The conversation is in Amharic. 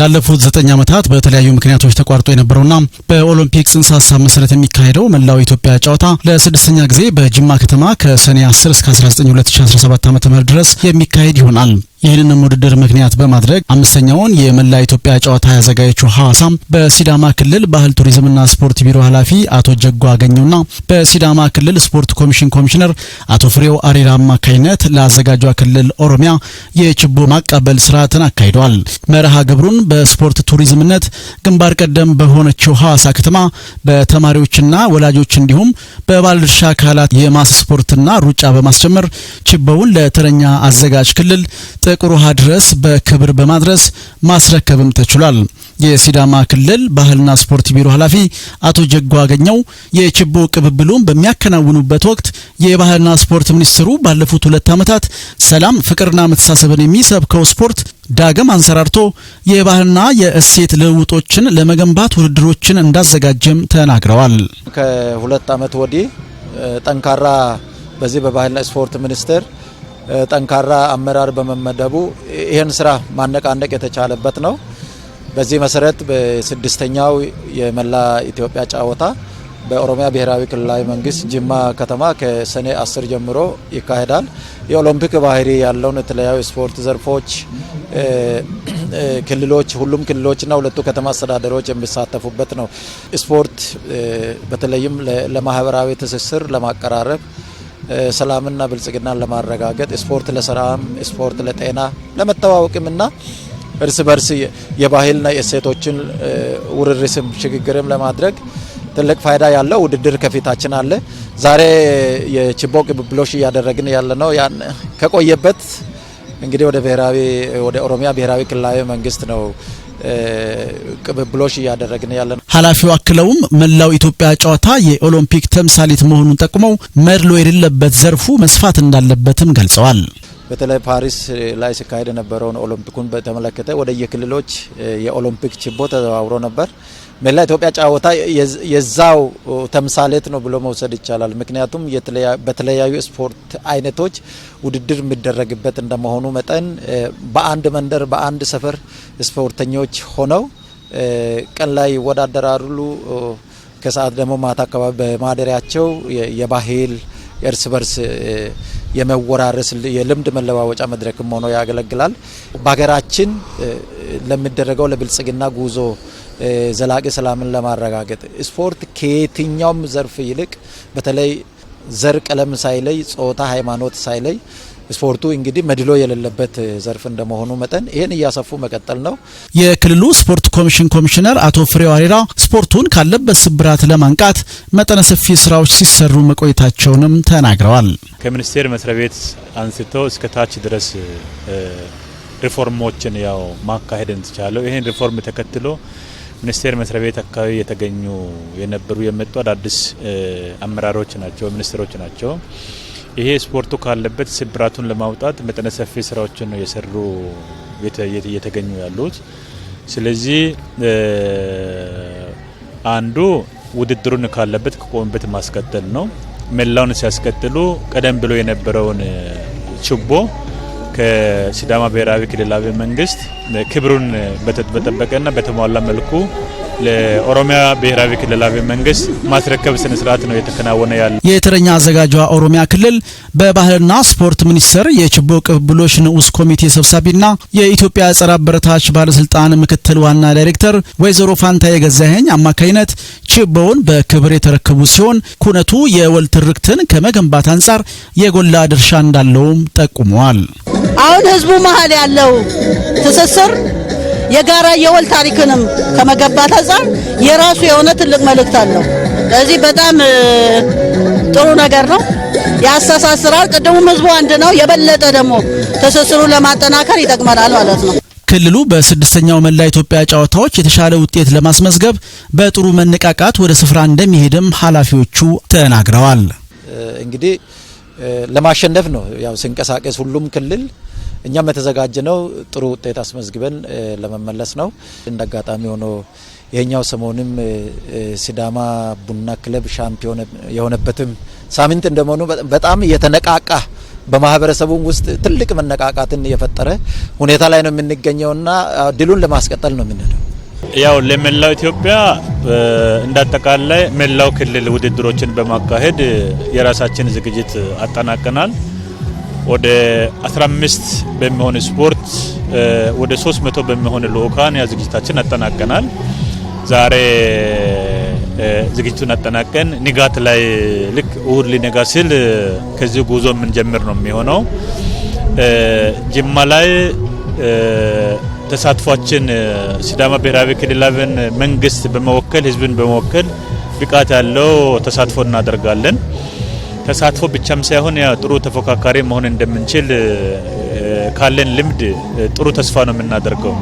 ላለፉት ዘጠኝ ዓመታት በተለያዩ ምክንያቶች ተቋርጦ የነበረውና በኦሎምፒክ ጽንሰ ሀሳብ መሰረት የሚካሄደው መላው ኢትዮጵያ ጨዋታ ለስድስተኛ ጊዜ በጅማ ከተማ ከሰኔ 10 እስከ 19 2017 ም ድረስ የሚካሄድ ይሆናል። ይህንንም ውድድር ምክንያት በማድረግ አምስተኛውን የመላ ኢትዮጵያ ጨዋታ ያዘጋጀችው ሐዋሳም በሲዳማ ክልል ባህል ቱሪዝምና ስፖርት ቢሮ ኃላፊ አቶ ጀጎ አገኘውና በሲዳማ ክልል ስፖርት ኮሚሽን ኮሚሽነር አቶ ፍሬው አሬራ አማካኝነት ለአዘጋጇ ክልል ኦሮሚያ የችቦ ማቃበል ስርዓትን አካሂደዋል። መርሃ ግብሩን በስፖርት ቱሪዝምነት ግንባር ቀደም በሆነችው ሐዋሳ ከተማ በተማሪዎችና ወላጆች እንዲሁም በባለድርሻ አካላት የማስ ስፖርትና ሩጫ በማስጀመር ችቦውን ለተረኛ አዘጋጅ ክልል ደረቅ ውሃ ድረስ በክብር በማድረስ ማስረከብም ተችሏል። የሲዳማ ክልል ባህልና ስፖርት ቢሮ ኃላፊ አቶ ጀጎ አገኘው የችቦ ቅብብሉን በሚያከናውኑበት ወቅት የባህልና ስፖርት ሚኒስትሩ ባለፉት ሁለት ዓመታት ሰላም፣ ፍቅርና መተሳሰብን የሚሰብከው ስፖርት ዳግም አንሰራርቶ የባህልና የእሴት ልውጦችን ለመገንባት ውድድሮችን እንዳዘጋጀም ተናግረዋል። ከሁለት ዓመት ወዲህ ጠንካራ በዚህ በባህልና ስፖርት ሚኒስቴር ጠንካራ አመራር በመመደቡ ይህን ስራ ማነቃነቅ የተቻለበት ነው። በዚህ መሰረት በስድስተኛው የመላ ኢትዮጵያ ጨዋታ በኦሮሚያ ብሔራዊ ክልላዊ መንግስት ጅማ ከተማ ከሰኔ አስር ጀምሮ ይካሄዳል። የኦሎምፒክ ባህሪ ያለውን የተለያዩ ስፖርት ዘርፎች ክልሎች፣ ሁሉም ክልሎችና ሁለቱ ከተማ አስተዳደሮች የሚሳተፉበት ነው። ስፖርት በተለይም ለማህበራዊ ትስስር ለማቀራረብ ሰላምና ብልጽግናን ለማረጋገጥ ስፖርት ለሰላም፣ ስፖርት ለጤና ለመተዋወቅም እና እርስ በርስ የባህልና የእሴቶችን ውርርስም ሽግግርም ለማድረግ ትልቅ ፋይዳ ያለው ውድድር ከፊታችን አለ። ዛሬ የችቦ ቅብብሎሽ እያደረግን ያለ ነው። ያን ከቆየበት እንግዲህ ወደ ብሔራዊ ወደ ኦሮሚያ ብሔራዊ ክልላዊ መንግስት ነው ቅብብሎሽ እያደረግን ያለ ነው። ኃላፊው አክለውም መላው ኢትዮጵያ ጨዋታ የኦሎምፒክ ተምሳሌት መሆኑን ጠቁመው መድሎ የሌለበት ዘርፉ መስፋት እንዳለበትም ገልጸዋል። በተለይ ፓሪስ ላይ ሲካሄድ የነበረውን ኦሎምፒኩን በተመለከተ ወደ የክልሎች የኦሎምፒክ ችቦ ተዘዋውሮ ነበር። መላ ኢትዮጵያ ጨዋታ የዛው ተምሳሌት ነው ብሎ መውሰድ ይቻላል። ምክንያቱም በተለያዩ ስፖርት አይነቶች ውድድር የሚደረግበት እንደመሆኑ መጠን በአንድ መንደር በአንድ ሰፈር ስፖርተኞች ሆነው ቀን ላይ ይወዳደራሉ። ከሰዓት ደግሞ ማታ አካባቢ በማደሪያቸው የባህል እርስ በርስ የመወራረስ የልምድ መለዋወጫ መድረክም ሆኖ ያገለግላል። በሀገራችን ለሚደረገው ለብልጽግና ጉዞ ዘላቂ ሰላምን ለማረጋገጥ ስፖርት ከየትኛውም ዘርፍ ይልቅ በተለይ ዘር፣ ቀለም ሳይለይ ጾታ፣ ሃይማኖት ሳይለይ ስፖርቱ እንግዲህ መድሎ የሌለበት ዘርፍ እንደመሆኑ መጠን ይህን እያሰፉ መቀጠል ነው። የክልሉ ስፖርት ኮሚሽን ኮሚሽነር አቶ ፍሬው አሬራ ስፖርቱን ካለበት ስብራት ለማንቃት መጠነ ሰፊ ስራዎች ሲሰሩ መቆየታቸውንም ተናግረዋል። ከሚኒስቴር መስሪያ ቤት አንስቶ እስከ ታች ድረስ ሪፎርሞችን ያው ማካሄድ እንትቻለው ይህን ሪፎርም ተከትሎ ሚኒስቴር መስሪያ ቤት አካባቢ የተገኙ የነበሩ የመጡ አዳዲስ አመራሮች ናቸው፣ ሚኒስትሮች ናቸው። ይሄ ስፖርቱ ካለበት ስብራቱን ለማውጣት መጠነ ሰፊ ስራዎችን ነው የሰሩ እየተገኙ ያሉት። ስለዚህ አንዱ ውድድሩን ካለበት ከቆምበት ማስቀጠል ነው። መላውን ሲያስቀጥሉ ቀደም ብሎ የነበረውን ችቦ ከሲዳማ ብሔራዊ ክልላዊ መንግስት ክብሩን በተጠበቀና በተሟላ መልኩ ለኦሮሚያ ብሔራዊ ክልላዊ መንግስት ማስረከብ ስነ ስርዓት ነው የተከናወነ ያለ። የተረኛ አዘጋጇ ኦሮሚያ ክልል በባህልና ስፖርት ሚኒስቴር የችቦ ቅብብሎች ንዑስ ኮሚቴ ሰብሳቢና የኢትዮጵያ ጸረ አበረታች ባለስልጣን ምክትል ዋና ዳይሬክተር ወይዘሮ ፋንታ የገዛኸኝ አማካኝነት ችቦውን በክብር የተረከቡ ሲሆን ኩነቱ የወል ትርክትን ከመገንባት አንጻር የጎላ ድርሻ እንዳለውም ጠቁመዋል። አሁን ህዝቡ መሀል ያለው ትስስር የጋራ የወል ታሪክንም ከመገንባት አንጻር የራሱ የሆነ ትልቅ መልእክት አለው። ስለዚህ በጣም ጥሩ ነገር ነው፣ ያስተሳስራል። ቅድሙም ህዝቡ አንድ ነው፣ የበለጠ ደግሞ ትስስሩን ለማጠናከር ይጠቅመናል ማለት ነው። ክልሉ በስድስተኛው መላ ኢትዮጵያ ጨዋታዎች የተሻለ ውጤት ለማስመዝገብ በጥሩ መነቃቃት ወደ ስፍራ እንደሚሄድም ኃላፊዎቹ ተናግረዋል። እንግዲህ ለማሸነፍ ነው ያው ሲንቀሳቀስ ሁሉም ክልል እኛም የተዘጋጀ ነው። ጥሩ ውጤት አስመዝግበን ለመመለስ ነው። እንደ አጋጣሚ ሆኖ ይሄኛው ሰሞንም ሲዳማ ቡና ክለብ ሻምፒዮን የሆነበትም ሳምንት እንደመሆኑ በጣም የተነቃቃ በማህበረሰቡ ውስጥ ትልቅ መነቃቃትን የፈጠረ ሁኔታ ላይ ነው የምንገኘውና ድሉን ለማስቀጠል ነው የምንሄደው። ያው ለመላው ኢትዮጵያ እንዳጠቃላይ መላው ክልል ውድድሮችን በማካሄድ የራሳችን ዝግጅት አጠናቀናል። ወደ 15 በሚሆን ስፖርት ወደ 300 በሚሆን ልዑካን ያ ዝግጅታችን አጠናቀናል። ዛሬ ዝግጅቱን አጠናቀን ንጋት ላይ ልክ እሁድ ሊነጋ ሲል ከዚህ ጉዞ የምንጀምር ነው የሚሆነው ጅማ ላይ ተሳትፏችን ሲዳማ ብሔራዊ ክልላዊን መንግስት በመወከል ህዝብን በመወከል ብቃት ያለው ተሳትፎ እናደርጋለን። ተሳትፎ ብቻም ሳይሆን ጥሩ ተፎካካሪ መሆን እንደምንችል ካለን ልምድ ጥሩ ተስፋ ነው የምናደርገው።